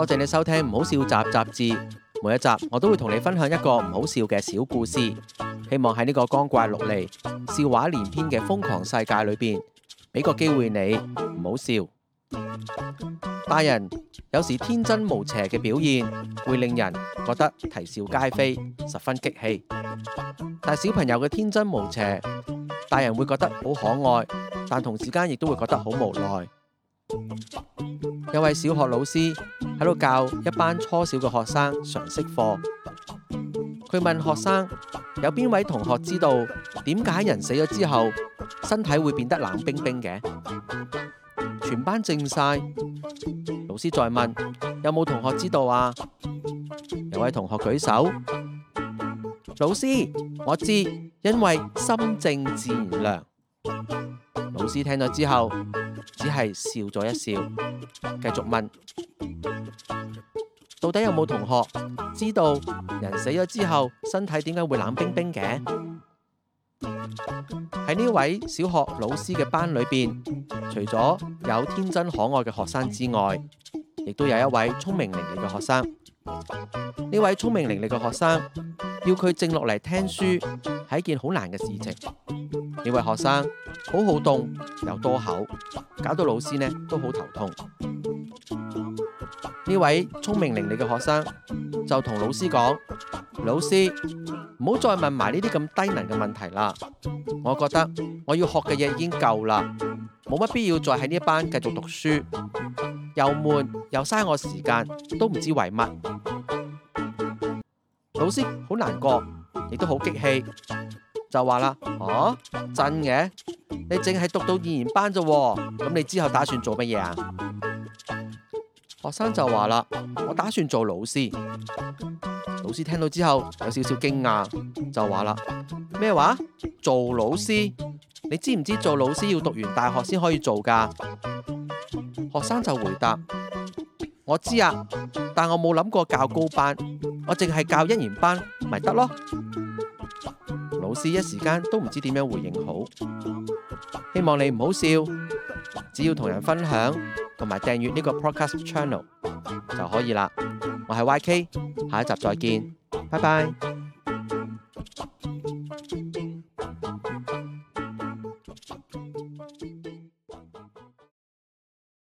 多謝你收聽唔好笑集雜誌，每一集我都會同你分享一個唔好笑嘅小故事。希望喺呢個光怪陸離、笑話連篇嘅瘋狂世界裏邊，俾個機會你唔好笑。大人有時天真無邪嘅表現，會令人覺得啼笑皆非，十分激氣。但小朋友嘅天真無邪，大人會覺得好可愛，但同時間亦都會覺得好無奈。有位小學老師喺度教一班初小嘅學生常識課，佢問學生，有邊位同學知道點解人死咗之後身體會變得冷冰冰嘅？全班靜曬，老師再問有冇同學知道啊？有位同學舉手，老師，我知，因為心靜自然涼。老師聽咗之後。只係笑咗一笑，繼續問：到底有冇同學知道人死咗之後，身體點解會冷冰冰嘅？喺呢位小學老師嘅班裏邊，除咗有天真可愛嘅學生之外，亦都有一位聰明伶俐嘅學生。呢位聰明伶俐嘅學生，要佢靜落嚟聽書，係一件好難嘅事情。呢位學生。好好動又多口，搞到老師呢都好頭痛。呢位聰明伶俐嘅學生就同老師講：，老師唔好再問埋呢啲咁低能嘅問題啦。我覺得我要學嘅嘢已經夠啦，冇乜必要再喺呢一班繼續讀書，又悶又嘥我時間，都唔知為乜。老師好難過，亦都好激氣，就話啦：，哦、啊，真嘅！你淨係讀到二年班咋，咁你之後打算做乜嘢啊？學生就話啦：，我打算做老師。老師聽到之後有少少驚訝，就話啦：，咩話？做老師？你知唔知做老師要讀完大學先可以做噶？學生就回答：，我知啊，但我冇諗過教高班，我淨係教一年班，咪得咯。老師一時間都唔知點樣回應好。希望你唔好笑，只要同人分享同埋訂閱呢個 Podcast Channel 就可以啦。我係 YK，下一集再見，拜拜。